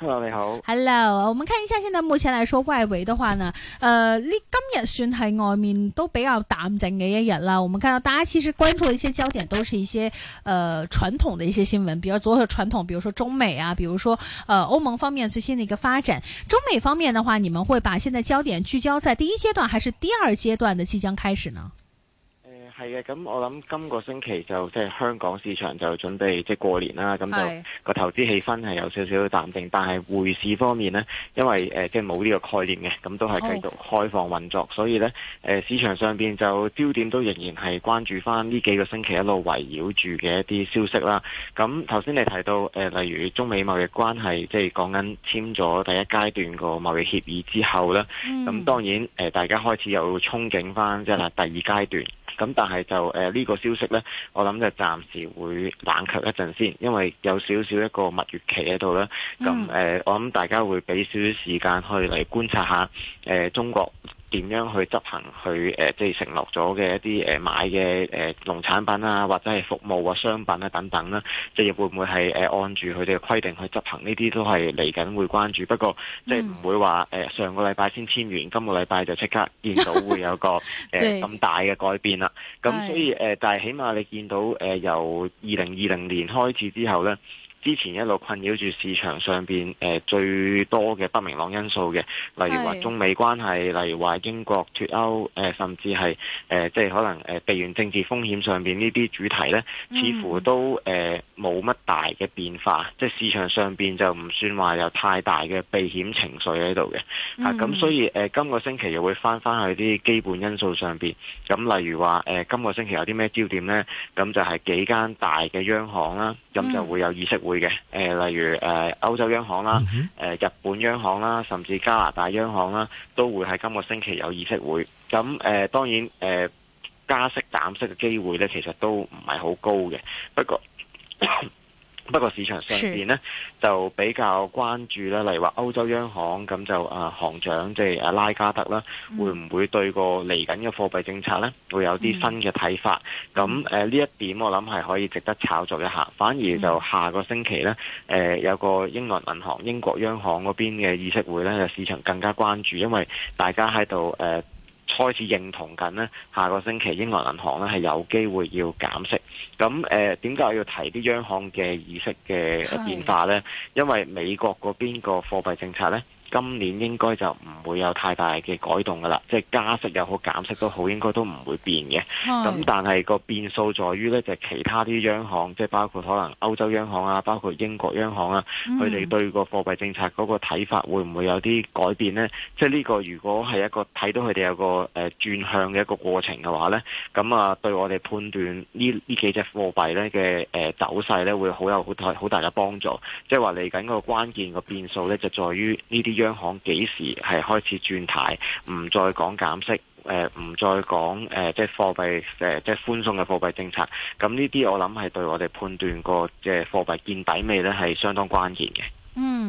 hello，你好。hello，我們看一下現在目前來說，外圍的話呢，呃，你今日算係外面都比較淡靜嘅一日啦。我們看到大家其實關注的一些焦點都是一些，呃、傳統的一些新聞，比如所有傳統，比如說中美啊，比如說，呃、歐盟方面最新的一個發展。中美方面的話，你們會把現在焦點聚焦在第一階段還是第二階段的即將開始呢？係嘅，咁我諗今個星期就即係香港市場就準備即係過年啦，咁就個的投資氣氛係有少少淡定。但係匯市方面呢，因為誒、呃、即係冇呢個概念嘅，咁都係繼續開放運作，的所以呢，誒、呃、市場上邊就焦點都仍然係關注翻，呢幾個星期一路圍繞住嘅一啲消息啦。咁頭先你提到誒、呃，例如中美貿易關係，即係講緊簽咗第一階段個貿易協議之後咧，咁、嗯、當然誒、呃、大家開始有憧憬翻，即係第二階段。咁但係就誒呢個消息呢，我諗就暫時會冷卻一陣先，因為有少少一個蜜月期喺度啦。咁誒，我諗大家會俾少少時間去嚟觀察下誒中國，點樣去執行去誒、呃，即係承諾咗嘅一啲誒、呃、買嘅誒、呃、農產品啊，或者係服務啊、商品啊等等啦、啊，即係會唔會係誒按住佢哋嘅規定去執行？呢啲都係嚟緊會關注，不過即係唔會話誒、呃、上個禮拜先簽完，今個禮拜就即刻見到會有個誒咁 是、呃、大嘅改變啦。咁所以誒是、呃，但係起碼你見到誒、呃、由二零二零年開始之後咧。之前一路困擾住市場上邊誒最多嘅不明朗因素嘅，例如話中美關係，是例如話英國脱歐，誒甚至係誒即係可能誒地緣政治風險上邊呢啲主題咧，似乎都誒冇乜大嘅變化，嗯、即係市場上邊就唔算話有太大嘅避險情緒喺度嘅。咁、嗯啊、所以誒、呃、今個星期又會翻翻去啲基本因素上邊，咁例如話誒、呃、今個星期有啲咩焦點咧？咁就係幾間大嘅央行啦，咁就會有議息。嗯會會嘅，誒例如誒歐洲央行啦，誒日本央行啦，甚至加拿大央行啦，都會喺今個星期有議息會。咁誒當然誒加息減息嘅機會咧，其實都唔係好高嘅。不過。不過市場上邊呢，就比較關注咧，是例如話歐洲央行咁就啊行長即係阿拉加德啦，會唔會對個嚟緊嘅貨幣政策呢，會有啲新嘅睇法？咁誒呢一點我諗係可以值得炒作一下。反而就下個星期呢，呃、有個英倫銀行、英國央行嗰邊嘅議息會呢，就市場更加關注，因為大家喺度誒。呃開始認同緊呢，下個星期英國銀行咧，係有機會要減息。咁誒，呃、點解我要提啲央行嘅議息嘅變化呢？因為美國嗰邊個貨幣政策呢。今年應該就唔會有太大嘅改動噶啦，即係加息又好減息都好，應該都唔會變嘅。咁是但係個變數在於咧，就係其他啲央行，即係包括可能歐洲央行啊，包括英國央行啊，佢哋對個貨幣政策嗰個睇法會唔會有啲改變咧？即係呢個如果係一個睇到佢哋有個誒轉向嘅一個過程嘅話咧，咁啊對我哋判斷呢呢幾隻貨幣咧嘅誒走勢咧，會好有好大好大嘅幫助。即係話嚟緊個關鍵個變數呢咧，就在於呢啲。央行幾時係開始轉態，唔再講減息，誒，唔再講誒，即係貨幣誒，即係寬鬆嘅貨幣政策。咁呢啲我諗係對我哋判斷個即係貨幣見底未咧，係相當關鍵嘅。嗯。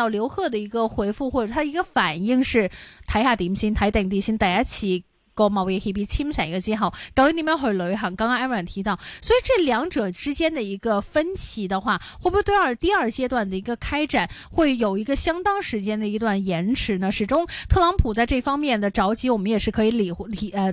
到劉鶴的一個回覆或者他一個反應是、嗯、睇下點先，睇定點先，第一次個貿易協議簽署嘅之後究竟點樣去履行？剛剛艾提到，所以這兩者之間的一個分歧的話，會不會對二第二階段的一個開展會有一個相當時間的一段延遲呢？始終特朗普在這方面的着急，我們也是可以理理、呃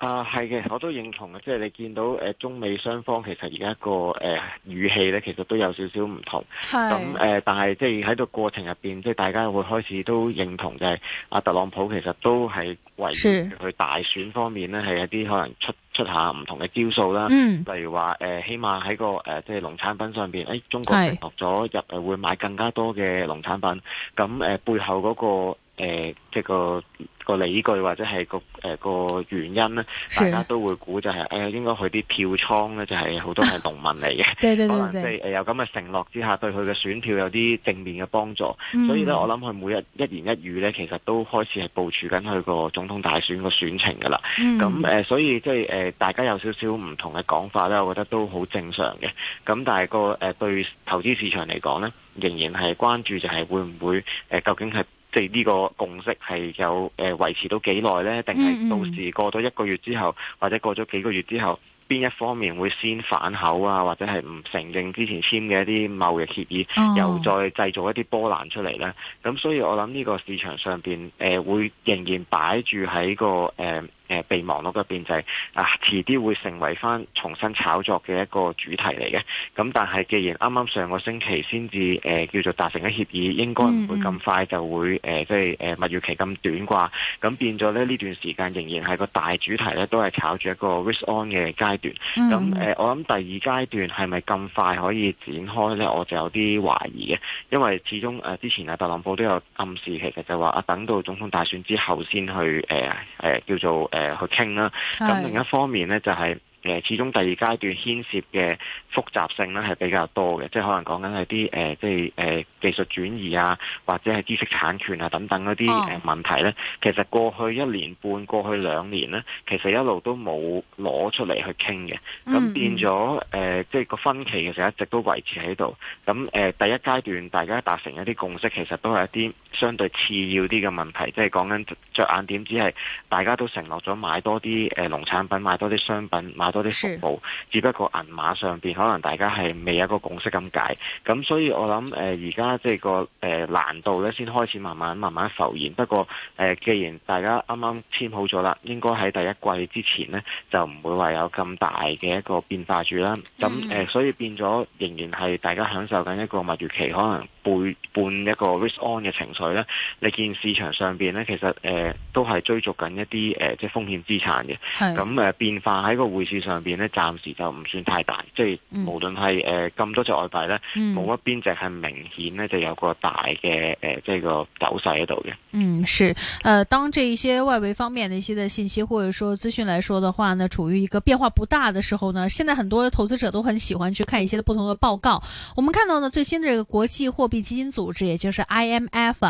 啊，係嘅，我都認同嘅，即係你見到誒、呃、中美雙方其實而家個誒語氣咧，其實都有少少唔同。咁誒的、呃，但係即係喺個過程入邊，即係大家會開始都認同就係、是、阿、啊、特朗普其實都係為佢大選方面咧係一啲可能出出下唔同嘅招數啦。嗯的，例如話誒、呃，起碼喺個誒、呃、即係農產品上邊，誒、哎、中國落咗入誒的會買更加多嘅農產品，咁誒、呃、背後嗰、那個。誒、呃，即係個，個理據或者係個誒、呃、個原因咧，的大家都會估就係、是、誒、呃，應該佢啲票倉咧就係好多係農民嚟嘅，可能即係誒有咁嘅承諾之下，對佢嘅選票有啲正面嘅幫助。嗯、所以咧我諗佢每日一言一語咧，其實都開始係部署緊佢個總統大選個選情噶啦。咁、嗯呃、所以即、就、係、是呃、大家有少少唔同嘅講法咧，我覺得都好正常嘅。咁但係個誒、呃、對投資市場嚟講咧，仍然係關注就係會唔會、呃、究竟係即係呢個共識係有誒、呃、維持到幾耐呢？定係到時過咗一個月之後，或者過咗幾個月之後，邊一方面會先反口啊？或者係唔承認之前簽嘅一啲貿易協議，oh. 又再製造一啲波瀾出嚟呢？咁所以我諗呢個市場上邊誒、呃、會仍然擺住喺個誒。呃誒備忘錄嗰邊就係啊，遲啲會成為翻重新炒作嘅一個主題嚟嘅。咁但係既然啱啱上個星期先至誒叫做達成咗協議，應該唔會咁快就會誒、呃、即係誒、呃、蜜月期咁短啩。咁變咗咧呢段時間仍然係個大主題咧，都係炒住一個 risk-on 嘅階段。咁誒、嗯呃，我諗第二階段係咪咁快可以展開咧？我就有啲懷疑嘅，因為始終誒、呃、之前啊特朗普都有暗示其實就話啊等到總統大選之後先去誒誒、呃呃、叫做誒。呃誒，去傾啦。咁另一方面咧，就係、是、誒，始終第二階段牽涉嘅複雜性咧，係比較多嘅，即係可能講緊係啲誒，即係誒、呃、技術轉移啊，或者係知識產權啊等等嗰啲誒問題咧。哦、其實過去一年半，過去兩年咧，其實一路都冇攞出嚟去傾嘅。咁變咗誒，即係個分歧其實一直都、呃、一直都維持喺度。咁、呃、第一階段大家達成一啲共識，其實都係一啲。相對次要啲嘅問題，即係講緊着眼點，只係大家都承諾咗買多啲誒農產品，買多啲商品，買多啲服務。是只不過銀碼上邊可能大家係未有一個共識咁解，咁所以我諗誒而家即係個誒難度咧，先開始慢慢慢慢浮現。不過誒、呃，既然大家啱啱簽好咗啦，應該喺第一季之前呢，就唔會話有咁大嘅一個變化住啦。咁誒、嗯呃，所以變咗仍然係大家享受緊一個蜜月期，可能陪伴一個 risk on 嘅情緒。佢咧，你見市場上邊咧，其實誒、呃、都係追逐緊一啲誒、呃、即係風險資產嘅。咁誒是、呃、變化喺個匯市上邊咧，暫時就唔算太大。即係無論係誒咁多隻外幣咧，冇、嗯、一邊隻係明顯咧就有個大嘅誒即係個走勢喺度嘅。嗯，是。誒、呃，當這一些外圍方面的一些嘅信息，或者說資訊來說的話呢，處於一個變化不大的時候呢，現在很多投資者都很喜歡去看一些不同的報告。我們看到呢最新的這個國際貨幣基金組織，也就是 IMF、啊。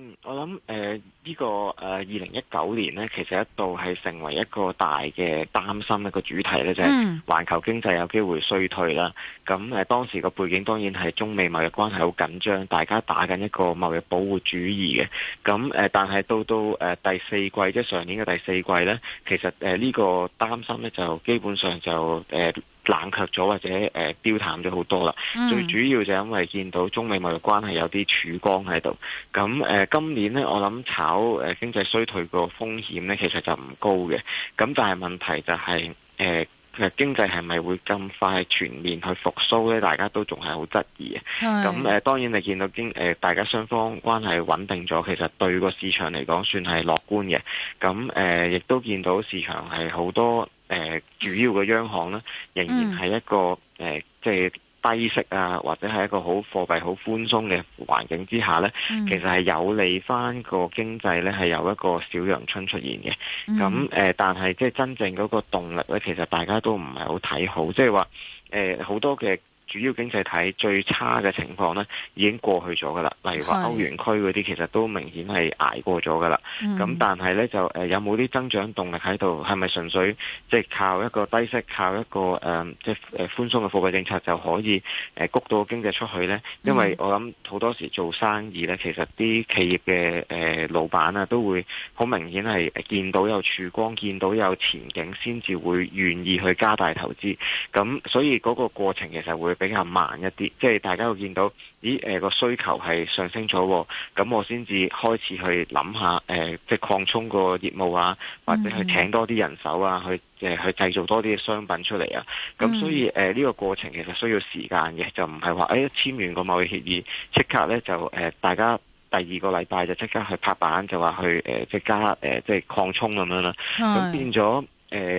嗯，我諗誒，呢、呃這個誒二零一九年呢，其實一度係成為一個大嘅擔心一個主題呢，就係、是、環球經濟有機會衰退啦。咁誒、呃，當時個背景當然係中美貿易關係好緊張，大家打緊一個貿易保護主義嘅。咁誒、呃，但係到到誒、呃、第四季，即係上年嘅第四季呢，其實誒呢、呃這個擔心呢，就基本上就誒，呃冷卻咗或者誒飆、呃、淡咗好多啦，嗯、最主要就因為見到中美貿易關係有啲曙光喺度。咁誒、呃、今年呢，我諗炒誒、呃、經濟衰退個風險呢，其實就唔高嘅。咁但係問題就係誒其實經濟係咪會咁快全面去復甦呢？大家都仲係好質疑嘅。咁誒是、呃、當然你見到經誒、呃、大家雙方關係穩定咗，其實對個市場嚟講算係樂觀嘅。咁誒亦都見到市場係好多。誒、呃、主要嘅央行咧，仍然係一個誒、呃，即係低息啊，或者係一個好貨幣、好寬鬆嘅環境之下咧，嗯、其實係有利翻個經濟咧，係有一個小陽春出現嘅。咁誒、呃，但係即係真正嗰個動力咧，其實大家都唔係好睇好，即係話誒好多嘅。主要經濟體最差嘅情況呢，已經過去咗㗎喇。例如話歐元區嗰啲，的其實都明顯係捱過咗㗎喇。咁、嗯、但係呢，就有冇啲增長動力喺度？係咪純粹即係、就是、靠一個低息、靠一個誒即係誒寬鬆嘅貨幣政策就可以誒谷到經濟出去呢？因為我諗好多時做生意呢，其實啲企業嘅誒、呃、老闆啊都會好明顯係見到有曙光、見到有前景，先至會願意去加大投資。咁所以嗰個過程其實會比較慢一啲，即係大家會見到，咦？誒、呃、個需求係上升咗，咁我先至開始去諗下、呃，即係擴充個業務啊，或者去請多啲人手啊，去、呃、去製造多啲商品出嚟啊。咁所以誒呢、呃這個過程其實需要時間嘅，就唔係話誒簽完個貿易協議即刻咧就誒、呃、大家第二個禮拜就即刻去拍板就話去、呃、即係加、呃、即係擴充咁樣啦。咁變咗誒、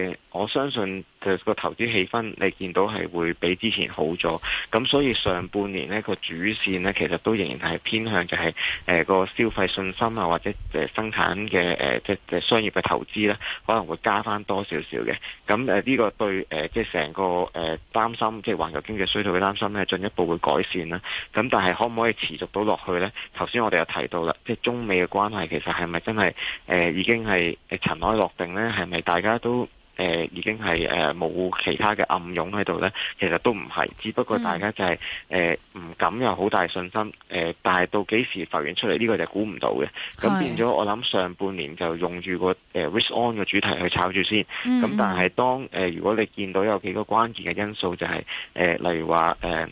呃，我相信。其實個投資氣氛你見到係會比之前好咗，咁所以上半年呢個主線呢，其實都仍然係偏向就係、誒個消費信心啊，或者誒生產嘅誒即係商業嘅投資呢，可能會加翻多少少嘅。咁誒呢個對誒即係成個誒擔心，即係環球經濟衰退嘅擔心呢，進一步會改善啦。咁但係可唔可以持續到落去呢？頭先我哋又提到啦，即係中美嘅關係其實係咪真係誒已經係塵埃落定呢？係咪大家都？誒已經係誒冇其他嘅暗湧喺度咧，其實都唔係，只不過大家就係誒唔敢有好大信心。誒、呃，但係到幾時浮現出嚟呢？呢個就估唔到嘅。咁是變咗，我諗上半年就用住個誒、呃、risk on 嘅主題去炒住先。咁、嗯、但係當誒、呃，如果你見到有幾個關鍵嘅因素，就是，就係誒，例如話誒。呃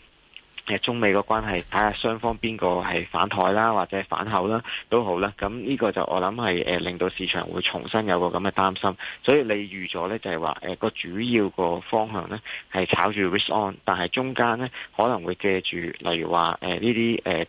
中美個關係，睇下雙方邊個係反台啦，或者反後反口啦，都好啦。咁呢個就我諗係令到市場會重新有個咁嘅擔心，所以你預咗呢，就係話個主要個方向呢係炒住 risk on，但係中間呢可能會借住例如話誒呢啲誒。呃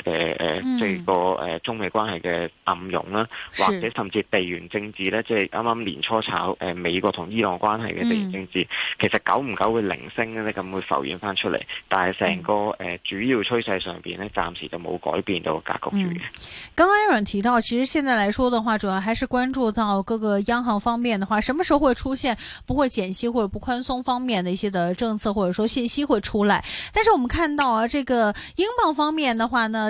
誒誒，即係、呃這個誒中美關係嘅暗湧啦，嗯、或者甚至地緣政治咧，是即係啱啱年初炒誒美國同伊朗關係嘅地緣政治，嗯、其實久唔久會零星咧咁會浮現返出嚟，但係成個誒、嗯呃、主要趨勢上邊咧，暫時就冇改變到格局住嘅。嗯，剛剛阿 Ron 提到，其實現在來說的話，主要還是關注到各個央行方面的話，什麼時候會出現不會減息或者不寬鬆方面的一些的政策，或者說信息會出來。但是我們看到啊，這個英鎊方面的話呢？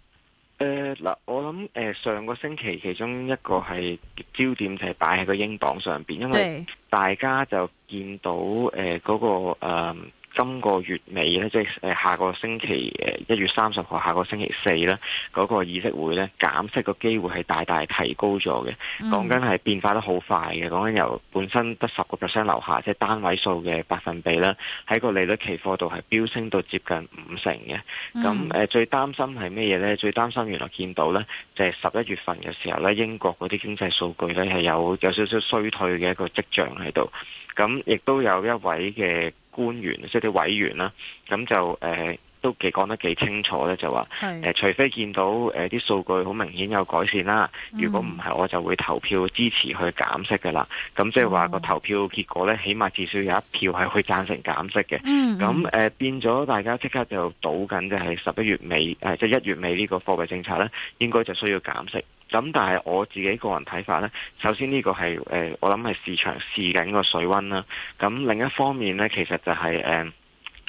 誒嗱、呃，我諗誒、呃、上個星期其中一個係焦點就係擺喺個英鎊上面，因為大家就見到誒嗰、呃那個、呃今個月尾咧，即係誒下個星期誒一月三十號，下個星期四咧，嗰個議息會咧，減息個機會係大大提高咗嘅。講緊係變化得好快嘅，講緊由本身得十個 percent 樓下，即係單位數嘅百分比咧，喺個利率期貨度係飆升到接近五成嘅。咁誒、嗯、最擔心係咩嘢咧？最擔心原來見到咧，就係十一月份嘅時候咧，英國嗰啲經濟數據咧係有有少少衰退嘅一個跡象喺度。咁亦都有一位嘅官員，即係啲委員啦、啊，咁就誒、呃、都幾講得幾清楚咧，就話誒是、呃、除非見到啲、呃、數據好明顯有改善啦，嗯、如果唔係我就會投票支持去減息㗎啦。咁即係話個投票結果咧，起碼至少有一票係去贊成減息嘅。咁誒、嗯嗯呃、變咗大家即刻就倒緊嘅係十一月尾誒，即係一月尾呢個貨幣政策咧，應該就需要減息。咁但係我自己個人睇法呢，首先呢個係、呃、我諗係市場試緊個水溫啦。咁另一方面呢，其實就係、是、誒、呃，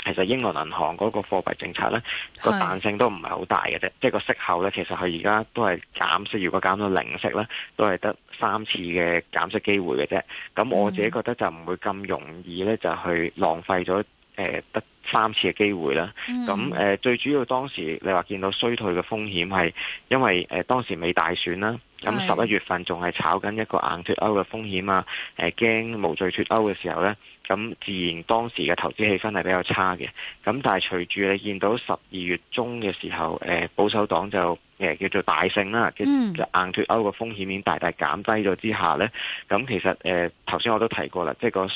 其實英國銀行嗰個貨幣政策呢，個是彈性都唔係好大嘅啫。即係個息口呢，其實佢而家都係減息，如果減到零息呢，都係得三次嘅減息機會嘅啫。咁我自己覺得就唔會咁容易呢，就去浪費咗誒、呃、得。三次嘅機會啦，咁誒、嗯、最主要當時你話見到衰退嘅風險係因為誒當時未大選啦，咁十一月份仲係炒緊一個硬脫歐嘅風險啊，誒驚無序脫歐嘅時候呢，咁自然當時嘅投資氣氛係比較差嘅，咁但係隨住你見到十二月中嘅時候，誒保守黨就。誒叫做大勝啦，嘅硬脱歐嘅風險已經大大減低咗之下咧，咁、嗯、其實誒頭先我都提過啦，即係個市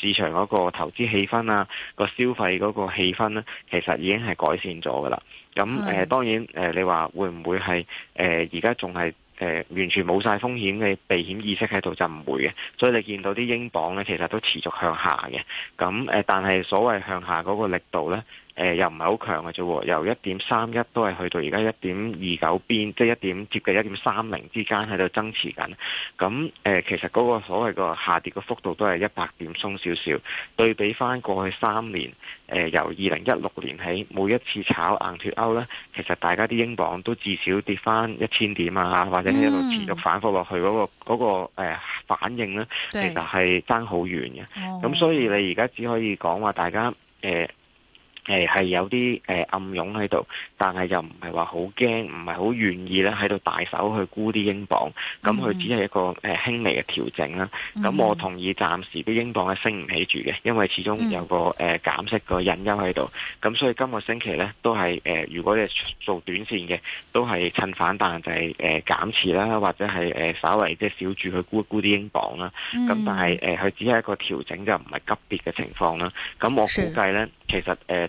市場嗰個投資氣氛啊，個消費嗰個氣氛咧，其實已經係改善咗噶啦。咁誒是、呃、當然誒、呃，你話會唔會係誒而家仲係誒完全冇晒風險嘅避險意識喺度？就唔會嘅，所以你見到啲英鎊咧，其實都持續向下嘅。咁誒、呃，但係所謂向下嗰個力度咧。誒、呃、又唔係好強嘅啫，由一點三一都係去到而家一點二九邊，即係一點接近一點三零之間喺度增持緊。咁、嗯、誒、呃，其實嗰個所謂個下跌個幅度都係一百點鬆少少。對比翻過去三年，誒、呃、由二零一六年起每一次炒硬脫歐咧，其實大家啲英鎊都至少跌翻一千點啊，或者係一路持續反覆落去嗰、那個嗰、那個呃、反應咧，對其實係爭好遠嘅。咁、oh. 嗯、所以你而家只可以講話大家誒。呃誒係有啲誒暗湧喺度，但係又唔係話好驚，唔係好願意咧喺度大手去沽啲英鎊。咁佢、嗯、只係一個輕微嘅調整啦。咁、嗯、我同意暫時啲英鎊係升唔起住嘅，因為始終有個誒減息個隱憂喺度。咁、嗯、所以今個星期咧都係誒，如果你做短線嘅，都係趁反彈就係誒減持啦，或者係誒稍為即係小注去沽沽啲英鎊啦。咁、嗯、但係誒佢只係一個調整，就唔係急跌嘅情況啦。咁我估計咧，是其實誒。呃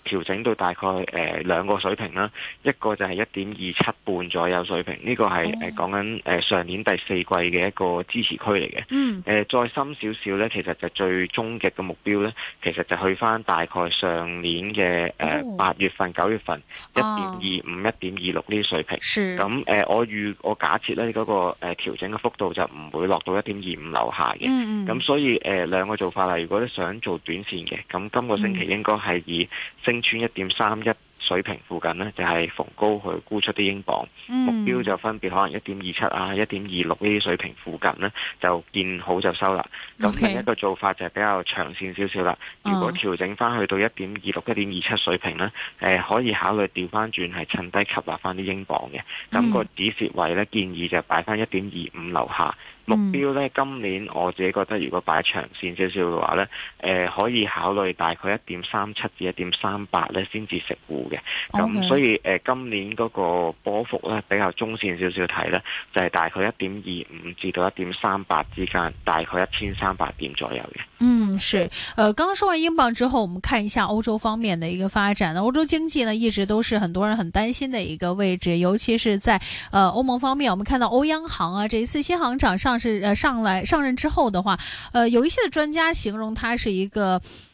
調整到大概誒、呃、兩個水平啦，一個就係一點二七半左右水平，呢、這個係誒講緊誒上年第四季嘅一個支持區嚟嘅。誒、mm. 呃、再深少少咧，其實就最終極嘅目標咧，其實就去翻大概上年嘅誒八月份、九月份一點二五、一點二六呢啲水平。咁誒、oh. 呃，我預我假設咧嗰、那個誒、呃、調整嘅幅度就唔會落到一點二五樓下嘅。咁、mm. 所以誒、呃、兩個做法啦，如果你想做短線嘅，咁今個星期應該係以。冰川一點三一。 水平附近呢，就係、是、逢高去沽出啲英鎊、嗯、目標就分別可能一點二七啊、一點二六呢啲水平附近呢，就見好就收啦。咁另 Okay, 一個做法就係比較長線少少啦。如果調整翻去到一點二六、一點二七水平呢，嗯呃、可以考慮調翻轉係趁低吸納翻啲英鎊嘅。咁、嗯、個止蝕位呢建議就擺翻一點二五樓下。目標呢。嗯、今年我自己覺得，如果擺長線少少嘅話呢、呃，可以考慮大概一點三七至一點三八呢先至食糊。咁所以誒，今年嗰個波幅咧，比較中線少少睇，咧就係大概一點二五至到一點三八之間，大概一千三百點左右嘅。嗯，是。誒、呃，剛剛說完英鎊之後，我們看一下歐洲方面的一個發展。歐洲經濟呢，一直都是很多人很擔心的一個位置，尤其是在誒、呃、歐盟方面，我們看到歐央行啊，這一次新行長上是誒上來上任之後的話，誒、呃、有一些的專家形容他是一個。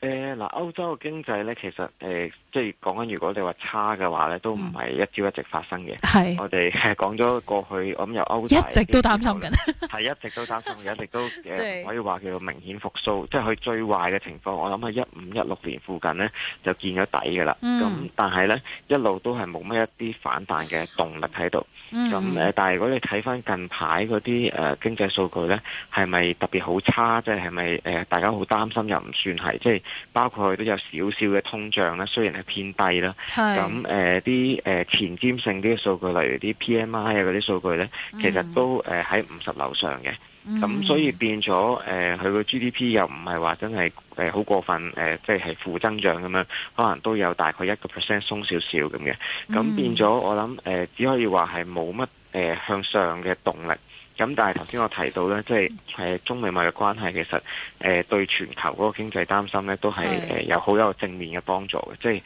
誒，嗱、呃，歐洲嘅經濟咧，其實誒，即係講緊，就是、如果你差話差嘅話咧，都唔係一朝一夕發生嘅。係、嗯，我哋係講咗過去，我諗由歐洲，一直都擔心緊，係一直都擔心，一直都是可以話叫做明顯復甦。即係佢最壞嘅情況，我諗喺一五一六年附近咧就見咗底噶啦。咁、嗯嗯、但係咧一路都係冇咩一啲反彈嘅動力喺度。咁誒，嗯、但係如果你睇翻近排嗰啲誒經濟數據咧，係咪特別好差？即係係咪誒大家好擔心，又唔算係，即係包括都有少少嘅通脹咧，雖然係偏低啦。咁誒啲誒前瞻性啲嘅數據，例如啲 PMI 啊嗰啲數據咧，其實都誒喺五十樓上嘅。咁所以變咗，誒、呃、佢個 GDP 又唔係話真係誒好過分，誒即係係負增長咁樣，可能都有大概一個 percent 鬆少少咁嘅。咁變咗，我諗誒、呃、只可以話係冇乜誒向上嘅動力。咁但係頭先我提到咧，即係誒中美貿易關係其實誒、呃、對全球嗰個經濟擔心咧，都係誒是的、呃、有好有正面嘅幫助嘅。即係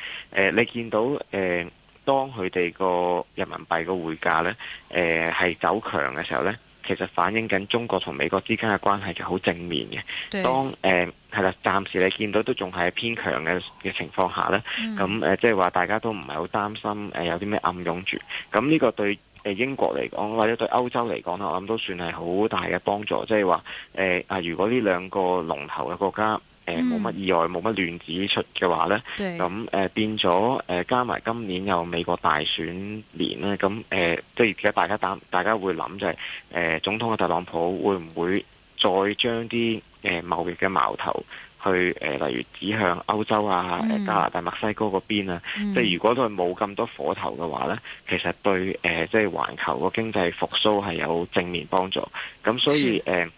誒你見到誒、呃、當佢哋個人民幣個匯價咧，誒、呃、係走強嘅時候咧。其實反映緊中國同美國之間嘅關係就好正面嘅，對當、呃、係啦，暫時你見到都仲係偏強嘅嘅情況下咧，咁、嗯呃、即係話大家都唔係好擔心、呃、有啲咩暗湧住，咁呢個對英國嚟講或者對歐洲嚟講咧，我諗都算係好大嘅幫助，即係話啊，如果呢兩個龍頭嘅國家，誒，冇乜意外，冇乜亂子出嘅話呢，咁誒對、呃、變咗誒、呃、加埋今年有美國大選年呢，咁、呃、誒即係而家大家大家會諗就係、是、誒、呃、總統嘅特朗普會唔會再將啲誒貿易嘅矛頭去誒、呃，例如指向歐洲啊、嗯、加拿大、墨西哥嗰邊啊？嗯、即係如果佢冇咁多火頭嘅話呢，其實對誒、呃、即係環球個經濟復甦係有正面幫助。咁、呃、所以誒。呃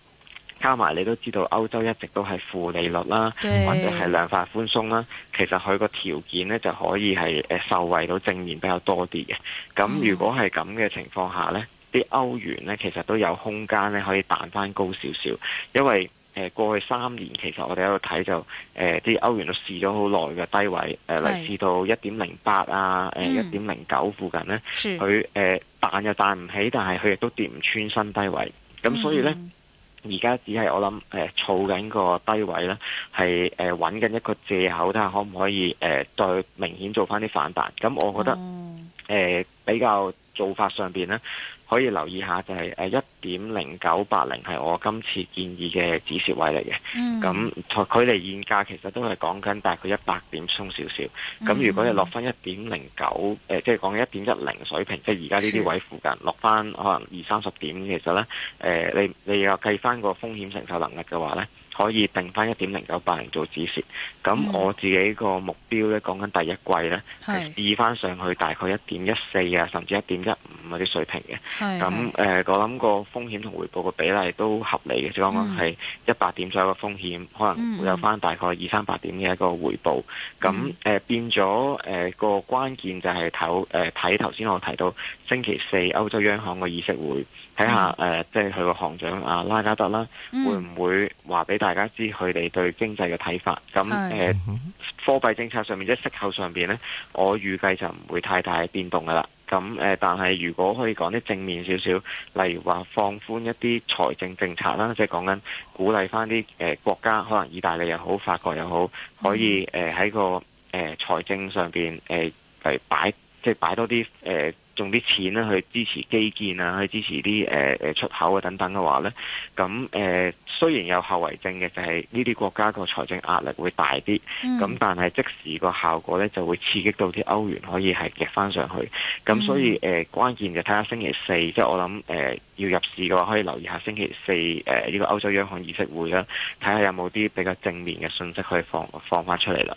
加埋你都知道，歐洲一直都係負利率啦，對或者係量化寬鬆啦。其實佢個條件呢就可以係誒受惠到正面比較多啲嘅。咁如果係咁嘅情況下呢，啲、嗯、歐元呢其實都有空間呢可以彈返高少少，因為誒過去三年其實我哋喺度睇就誒啲歐元都試咗好耐嘅低位，誒嚟至到一點零八啊，誒一點零九附近呢，佢誒是彈又彈唔起，但係佢亦都跌唔穿新低位，咁所以呢。嗯而家只係我諗，誒、呃，措緊個低位咧，係誒揾緊一個借口，睇下可唔可以誒對、呃、明顯做翻啲反彈。咁我覺得誒。嗯比較做法上邊咧，可以留意下就係誒一點零九八零係我今次建議嘅止蝕位嚟嘅。咁、嗯、距離現價其實都係講緊，大概一百點鬆少少。咁、嗯、如果你落翻一點零九，誒即係講一點一零水平，即係而家呢啲位附近是落翻可能二三十點，其實咧誒、呃、你你又計翻個風險承受能力嘅話咧。可以定翻一點零九八零做指線，咁我自己個目標呢講緊第一季呢係試翻上去大概一點一四啊，甚至一點一五嗰啲水平嘅。咁誒是、嗯呃，我諗個風險同回報個比例都合理嘅，即係講緊係一百點左右嘅風險，嗯、可能會有翻大概二三百點嘅一個回報。咁、嗯呃、變咗個、呃、關鍵就係睇睇頭先我提到星期四歐洲央行嘅議息會。睇下誒，即係佢個行長啊拉加德啦，嗯、會唔會話俾大家知佢哋對經濟嘅睇法？咁誒貨幣政策上面，即、就、係、是、息口上邊咧，我預計就唔會太大變動噶啦。咁誒、呃，但係如果可以講啲正面少少，例如話放寬一啲財政政策啦，即係講緊鼓勵翻啲誒國家，可能意大利又好、法國又好，可以誒喺個誒、呃、財政上邊誒嚟擺。即係擺多啲誒、呃，用啲錢啦去支持基建啊，去支持啲誒誒出口啊等等嘅話咧，咁誒、呃、雖然有後遺症嘅，就係呢啲國家個財政壓力會大啲，咁、嗯、但係即時個效果咧就會刺激到啲歐元可以係夾翻上去，咁所以誒、呃、關鍵就睇、嗯呃、下星期四，即係我諗誒要入市嘅話，可以留意下星期四誒呢個歐洲央行議息會啦，睇下有冇啲比較正面嘅訊息可以放放翻出嚟啦。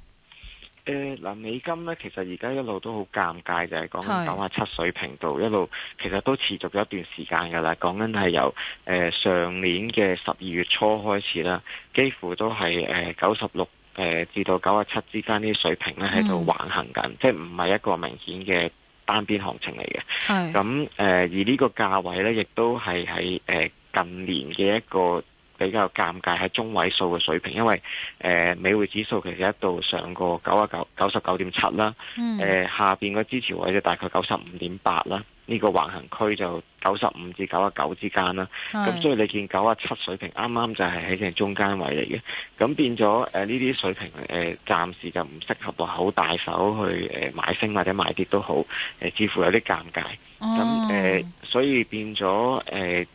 嗱，美金咧，其實而家一路都好尷尬就係，講緊九啊七水平度，的一路其實都持續咗一段時間嘅啦。講緊係由誒、呃、上年嘅十二月初開始啦，幾乎都係誒九十六誒至到九啊七之間啲水平咧喺度橫行緊，嗯、即係唔係一個明顯嘅單邊行情嚟嘅。咁誒的、呃、而呢個價位咧，亦都係喺誒近年嘅一個。比較尷尬喺中位數嘅水平，因為誒、呃、美匯指數其實一度上過九啊九九十九點七啦，誒、呃、下邊個支持位就大概九十五點八啦，呢個橫行區就九十五至九啊九之間啦，咁、嗯、所以你見九啊七水平啱啱就係喺正中間位嚟嘅，咁變咗誒呢啲水平誒暫、呃、時就唔適合話好大手去誒、呃、買升或者買跌都好，誒、呃、似乎有啲尷尬，咁誒、嗯呃、所以變咗誒。呃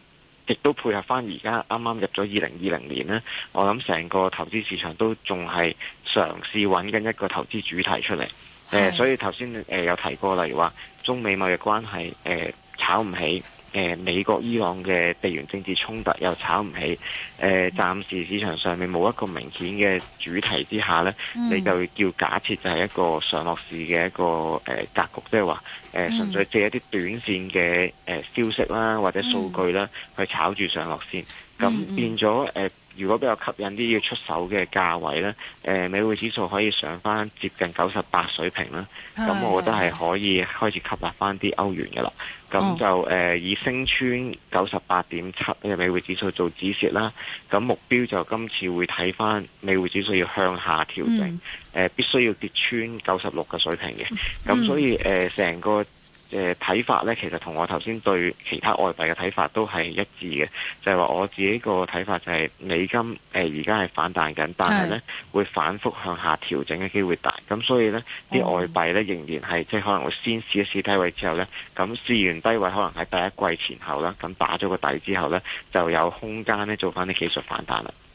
亦都配合翻而家啱啱入咗二零二零年呢，我諗成個投資市場都仲係嘗試揾緊一個投資主題出嚟。誒的、呃，所以頭先誒有提過，例如話中美貿易關係誒、呃、炒唔起。呃、美國伊朗嘅地緣政治衝突又炒唔起，誒、呃、暫時市場上面冇一個明顯嘅主題之下呢、嗯、你就叫假設就係一個上落市嘅一個、呃、格局，即係話誒純粹借一啲短線嘅、呃、消息啦，或者數據啦、嗯、去炒住上落線，咁變咗誒。如果比較吸引啲要出手嘅價位呢，誒、呃、美匯指數可以上翻接近九十八水平啦，咁的我覺得係可以開始吸納翻啲歐元嘅啦。咁、哦、就誒、呃、以升穿九十八點七嘅美匯指數做止蝕啦。咁目標就今次會睇翻美匯指數要向下調整，誒、嗯呃、必須要跌穿九十六嘅水平嘅。咁、嗯、所以誒成、呃、個。誒睇、呃、法咧，其實同我頭先對其他外幣嘅睇法都係一致嘅，就係話我自己個睇法就係美金誒而家係反彈緊，但係咧是會反覆向下調整嘅機會大，咁所以咧啲外幣咧仍然係即係可能會先試一試低位之後咧，咁試完低位可能喺第一季前後啦，咁打咗個底之後咧就有空間咧做翻啲技術反彈啦。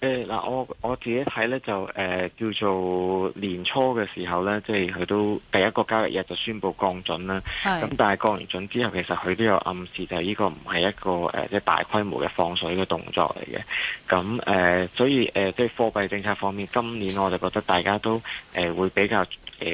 誒嗱、哎，我我自己睇咧就誒、呃、叫做年初嘅時候咧，即係佢都第一個交易日就宣布降準啦。咁是但係降完準之後，其實佢都有暗示就係呢個唔係一個誒即係大規模嘅放水嘅動作嚟嘅。咁誒、呃，所以誒即係貨幣政策方面，今年我哋覺得大家都誒、呃、會比較誒、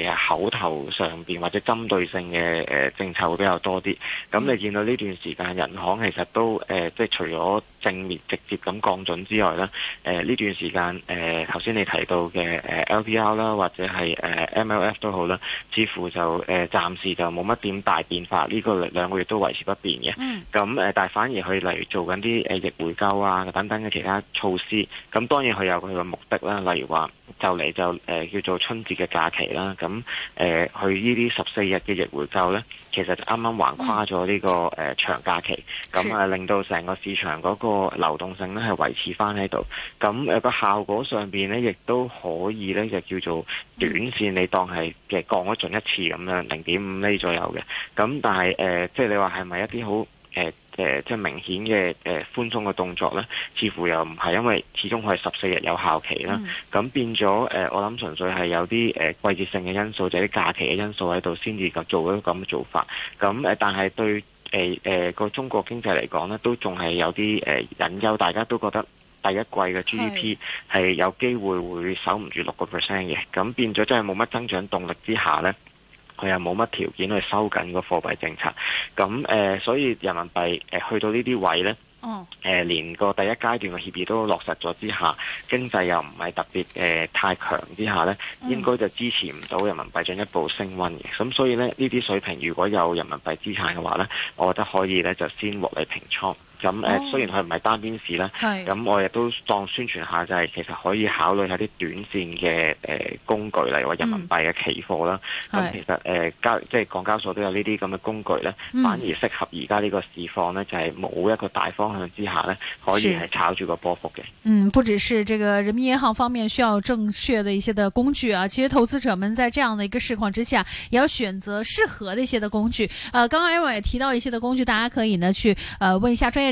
呃、口頭上邊或者針對性嘅誒、呃、政策會比較多啲。咁你見到呢段時間，銀行其實都誒即係除咗正面直接咁降準之外咧，誒、呃。誒呢段時間，誒頭先你提到嘅 LPR 啦，或者係、呃、MLF 都好啦，似乎就呃、暫時就冇乜點大變化，呢個兩兩個月都維持不變嘅。咁、嗯呃、但係反而佢例如做緊啲誒逆回購啊等等嘅其他措施。咁當然佢有佢嘅目的啦，例如話就嚟就、呃、叫做春節嘅假期啦。咁誒去呢啲十四日嘅逆回購咧。其實啱啱橫跨咗呢個誒長假期，咁啊、嗯、令到成個市場嗰個流動性咧係維持翻喺度，咁、那、誒個效果上面咧亦都可以咧就叫做短線你當係嘅降咗準一次咁樣零點五厘左右嘅，咁但係誒即係你話係咪一啲好？誒誒、呃呃，即係明顯嘅誒、呃、寬鬆嘅動作咧，似乎又唔係，因為始終佢係十四日有效期啦。咁、嗯、變咗誒、呃，我諗純粹係有啲誒、呃、季節性嘅因素，就係、是、啲假期嘅因素喺度，先至做咗咁嘅做法。咁誒，但係對誒誒個中國經濟嚟講咧，都仲係有啲誒隱憂，呃、大家都覺得第一季嘅 GDP 係有機會會守唔住六個 percent 嘅。咁變咗真係冇乜增長動力之下咧。佢又冇乜條件去收緊個貨幣政策，咁誒、呃，所以人民幣誒、呃、去到呢啲位呢誒、呃、連個第一階段嘅協議都落實咗之下，經濟又唔係特別誒、呃、太強之下呢，應該就支持唔到人民幣進一步升溫嘅。咁所以呢，呢啲水平如果有人民幣資產嘅話呢，我覺得可以呢就先獲利平倉。咁誒，呃哦、雖然佢唔係單邊市啦，咁是我亦都當宣傳下就係其實可以考慮下啲短線嘅誒、呃、工具，例如話人民幣嘅期貨啦。咁其實誒交即係港交所都有呢啲咁嘅工具咧，嗯、反而適合而家呢個市況咧，就係、是、冇一個大方向之下咧，可以係炒住個波幅嘅。嗯，不只是這個人民銀行方面需要正確的一些的工具啊，其實投資者們在這樣的一個市況之下，也要選擇適合的一些的工具。呃，剛剛艾 m 也提到一些的工具，大家可以呢去呃問一下專業